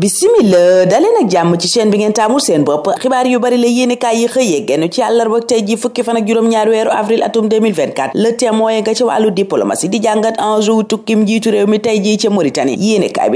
bisimila daleen ak jàmm ci chaîne bi ngeen taamul seen bopp xibaar yu bari la yéenekaay yi xëyee genn ci àllarba tey ji fukki fan ak juróom-ñaari weeru avril atum 2024 le témoin nga ci wàllu diplomatie di jàngat enjeu wu tukkim jiitu réew mi tey ji ca Mauritanie yéenekaay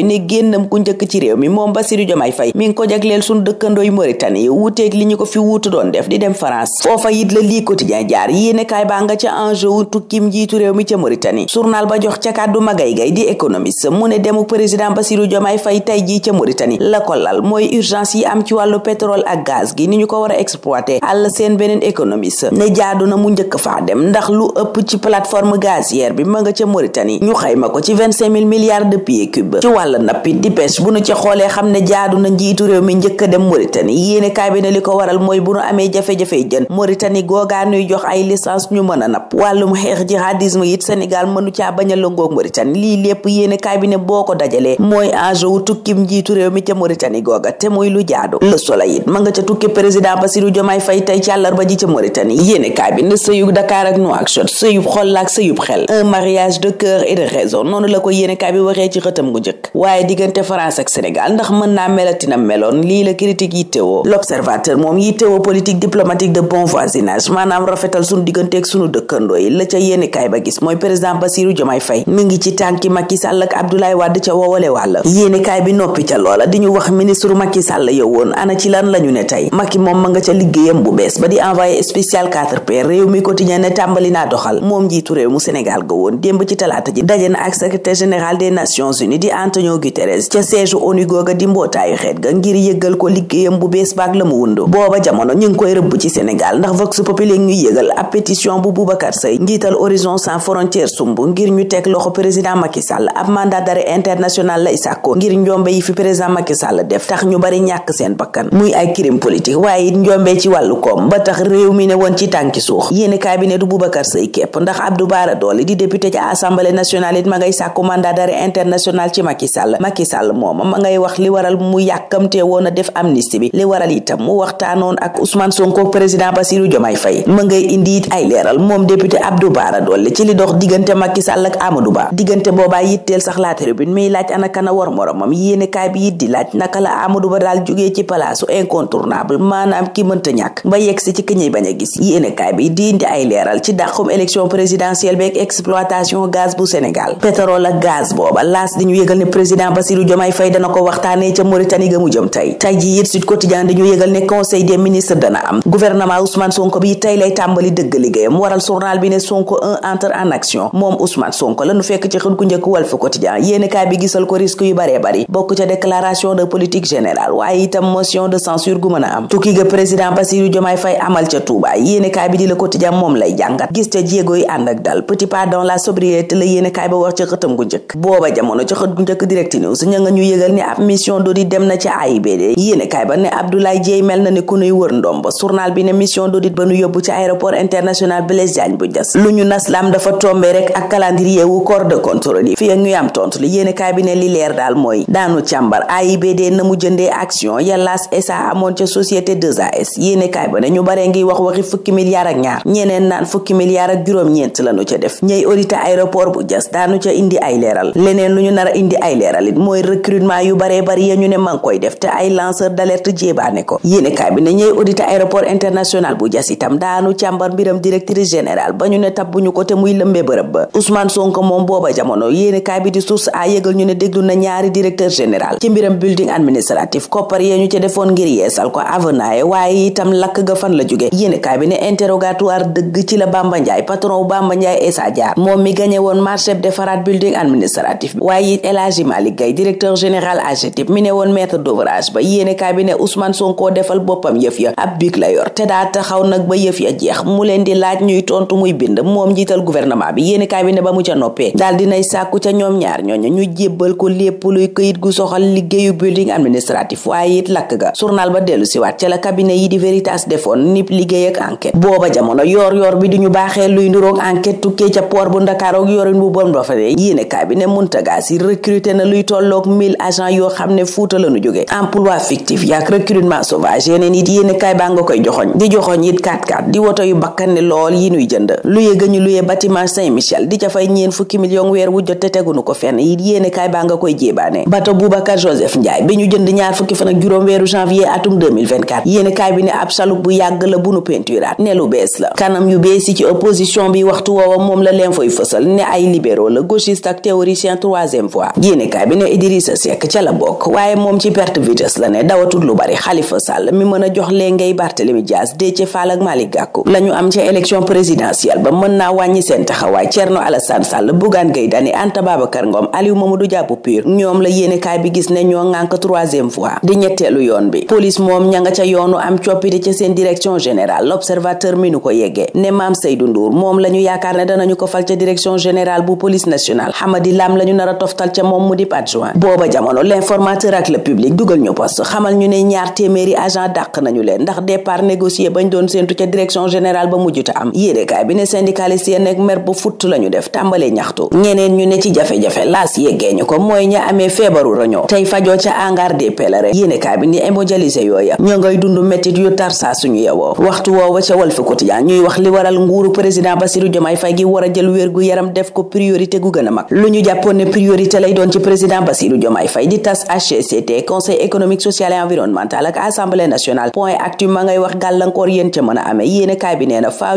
ci réew mi ko jagleel sunu doon def di dem France foofa it la lii quotidien jaar yéenekaay baa nga ca enjeu wu tukkim jiitu ba jox ca kàddu magay gay di économiste mu ne demu président Bassirou Diomaye Faye tey ji ca Mauritanie la ko lal mooy urgence yi am ci wàllu pétrole ak gaz gi ni ñu ko war a exploité àll seen beneen économiste ne jaadu na mu njëkk faa dem ndax lu ëpp ci plateforme gazière bi ma nga ca Mauritanie ñu xayma ko ci vingt cinq mille milliards de pieds cubes ci wàll nappi di pêche bu nu ci xoolee xam ne jaadu na njiitu réew mi njëkk a dem Mauritanie yéene kaay bi li ko waral mooy bu nu amee jafe-jafey jën Mauritanie googaa nuy jox ay licence ñu mën a napp wàllum xeex jihadisme a lëngoog Mauritanie lii lépp yéene kaay bi ne boo ko dajalee mooy enjeu wu tukkim njiitu réew mi ca Mauritanie googa te muy lu jaadu Le Soleil ma nga ca tukki président Bassirou Diomaye Faye tey ci àllarba ji ca Mauritanie yéene kaay bi la ak sëyub xel un mariage ndax mën naa melatina meloon lii la critique yi teewoo L'Observateur moom yi teewoo politique diplomatique de bon voisinage maanaam rafetal sunu digganteeg sunu dëkkandoo yi la ca yéene kaay ba gis mooy président Bassirou Diomaye Faye mi ngi ci tànki Macky Sall ak Abdoulaye Wade ca woowale wàll yéene loola di ñu wax ministre Macky Sall yow woon ana ci lan la ñu ne tey Macky moom ma nga ca liggéeyam bu bees ba di envoyé spécial 4P réew mi quotidien ne tàmbali na doxal moom njiitu réew mu Sénégal ga woon démb ci talaata ji daje na ak secrétaire général des Nations Unies di Antonio Guterres ca siège ONU googa di mbootaayu xeet ga ngir yëgal ko liggéeyam bu bees ba baak la mu wundu booba jamono ñu ngi koy rëbb ci Sénégal ndax vox populi ñu yëgal ab pétition bu Boubacar Seye njiital Horizon sans frontières sumb ngir ñu teg loxo président Macky Sall ab mandat d'arrêt international lay sàkko président Macky Sall def tax ñu bari ñak seen bakkan muy ay crime politique waye it ci walu kom ba tax réew mi ne won ci tanki suux yene cabinet du Boubacar Seye kep ndax Abdou Bara Dolli di député ci assemblée nationale it ma ngay sakku mandat d'arrêt international ci Macky Sall Macky Sall mom ma ngay wax li waral mu yakamte wona def amnistie bi li waral itam mu waxtanon ak Ousmane Sonko président Bassirou Diomaye Faye ma ngay indi it ay leeral mom député Abdou Bara Dolli ci li dox digënté Macky Sall ak Amadou Ba digënté boba yittel sax la tribune mi laaj ana kana war moromam yene bi yi di laaj naka la Amadou Ba daal jógee ci palaasu incontournable maanaam ki mënta ñàkk ba yegg ci ki ñuy bañ a gis yéenekaay bi di ay leeral ci dàqum élection présidentielle beeg exploitation gaz bu Sénégal pétrole ak gaz booba laas di ñu yëgal ne président Bassirou Diomaye Faye dana ko waxtaanee ca Mauritanie ga mu jëm tey tey ji it Sud Quotidien dañu yëgal ne conseil des ministres dana am gouvernement Ousmane Sonko bi tey lay tàmbali dëgg déclaration de politique générale waaye itam motion de censure gu mën a am tukki ga président Bassirou Diomaye Faye amal ca Touba yéenekaay bi wax ca xëtam gu njëkk booba jamono ca xët gu njëkk Direct News ña nga ñu yëgal ni ab mission d'audit dem na ca AIBD yéenekaay ba ne Abdoulaye Dieye mel na ni ku nuy wër ndomb journal bi ne mission d'audit ba nu yóbbu ci aéroport international Blaise bu jas lu ñu naslam dafa tombé rek ak calendrier wu AIBD na mu jëndee action yàllaas SA amoon ca société 2AS yéenekaay ba ne ñu baree ngi wax waxi fukki milliards ak ñaar ñeneen naan fukki milliards ak juróom la lañu ca def ñey audité aéroport bu jas daanu ca indi ay leeral leneen lu ñu nar a indi ay leeral mooy recrutement yu baree bari ya ñu ne man koy def te ay lanceur d'alerte jéebaane ko yéenekaay bi ne ñey audité aéroport international bu jas itam daanu mbar mbiram directrice générale ba ñu ne tabbuñu ko te muy lëmbee bërëb ba Ousmane Sonko moom booba jamono yéenekaay bi di source a yëgal ñu ne déglu na ñaari directeur général mbiram building administratif koppar yee ñu ci defoon ngir yeesal ko avenaye waaye itam lakk ga fan la jóge yéenekaay bi ne interrogatoire dëgg ci la Bamba Njaay patron wu Bamba Njaay Essa Diar moom mi gañe woon marché defaraat building administratif waaye it El Hadji Malick directeur général AGETIP mi ne woon maître d'ouvrage ba yéenekaay bi ne Ousmane Sonko defal boppam yëf ya ab big la yor te daa taxaw nag ba yëf ya jeex mu leen di laaj ñuy tontu bi yéenekaay bi ne ba mu ca noppee daal liggéeyu building administratif waaye it lakk ga journal ba dellu siwaat ca la cabinet yi di Veritas defoon nip liggéey ak booba jamono yoor yoor bi di ñu baaxee luy niroog enquête tukkee ca port bu ndakaaroog yorin bu bon ba fa de yéene cabinet Mountaga Sy recruté na luy tolloog mille agents yoo xam ne fuuta lanu jógee emploi fictif yaak recrutement sauvage yeneen it yéene kaay baa nga koy joxoñ di joxoñ it 4-4 di woto yu bakkan ne lool yi nuy jënd luye gañu luye bâtiment di ca fay ñeen fukki million weer wu jot te tegunu ko fenn it yéene kaay baa nga koy jéebaane bato Joseph Ndiaye bi ñu jënd ñaar fukki fan juróom weeru janvier atum 2024 bi ne ab salub bu yàgg la bu nu peinturaat ne lu bees la kanam yu bees ci opposition bi waxtu woowa moom la leen fay fësal ne ay libéraux la gauchiste ak théoricien troisième voie yéene bi ne Idrissa Seck ca la bokk waaye moom ci perte vitesse la ne dawatul lu bari Khalifa Sall mi mën a jox lee ngay Barthélemy Dias Déthié Fall ak Malick Gakou la am ca élection présidentielle ne ñoo ŋànk troisième fois di ñetteelu yoon bi police moom ña nga ca yoonu am coppite ca seen direction générale l'observateur mi nu ko yeggee ne maam Seydou Ndour moom la ñu yaakaar ne danañu ko fal ca direction général bu police nationale Hamadi Lam la ñu nar a toftal ca moom mu dip adjoint booba jamono l'informateur ak le public dugal ñu poste xamal ñu ne ñaar téeméeri agent dàq nañu leen ndax départ négocié bañ doon séentu ca direction général ba mujjuta am yéenekaay bi ne syndicaliste yi nekk mer bu futt lañu def tàmbalee ñaxtu ñeneen ñu ne ci jafe-jafe laas yeggee ñu ko mooy ña amee feebaru roñoo tey fajoo ca angar des pèlerins yéenekaay yooya ñoo ngay dund mettit yu tar saa suñu yewoo waxtu woowa ca Walf Quotidien ñuy wax li waral nguuru président Bassirou Diomaye Faye gi war a jël wér yaram def ko priorité gu gën a mag lu ñu jàppoon ne priorité lay doon ci président Bassirou Diomaye Faye di tas HCCT conseil économique social et ak assemblée nationale point actu ma ngay wax gàllankoor yéen ca mën a amee yéenekaay na faaw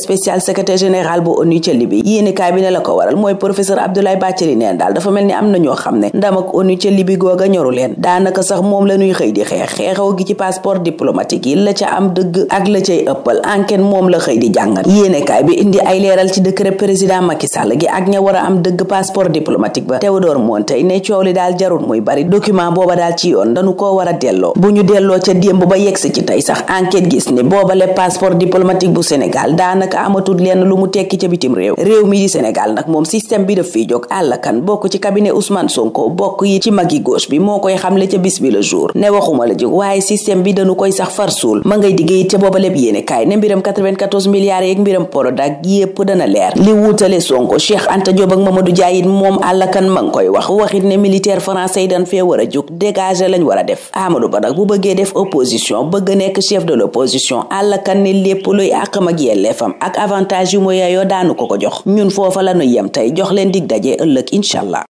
spécial secrétaire général bu ONU ci Libye yéenekaay bi ne la ko waral mooy professeur Abdoulaye Bathily neen daal dafa mel ni am na ñoo xam ne ndam ak ONU ci Libye ñoru leen daanaka sax moom la ñuy xëy di xeex xeexaw gi ci passeport diplomatique yi la ca am dëgg ak la cay ëppal enquête moom la xëy di jàngat yéenekaay bi indi ay leeral ci décret président Macky gi ak ña war a am dëgg passeport diplomatique ba Théodore Montey ne a tey ne boobale passeport daanaka amatul lenn lu mu tekki ca bitim réew réew mi di Sénégal nag moom système bi daf fiy jóg àllakan bokk ci cabinet Ousmane Sonko bokk yi ci magi gauche bi moo koy xamle ca bis bi le jour ne waxuma la jóg waaye système bi dañu koy sax far suul ma ngay diggéey ca booba lépp yéene kaay ne mbiram 94 milliards yeeg mbiram Prodac yépp dana leer li wuutale Sonko Cheikh Anta Diop ak Mamadou Dia it moom àllakan ma ngi koy wax waxit ne militaire français yi dañ fee war a jóg dégager lañ war a def Amadou Ba nag bu bëggee def opposition bëgg nekk chef de l'opposition àllakan ne lépp luy àqam ak yelleefam ak avantage yu mu yaayoo daanu ko ko jox ñun foofa la nu yem tey jox leen dig daje ëllëg incha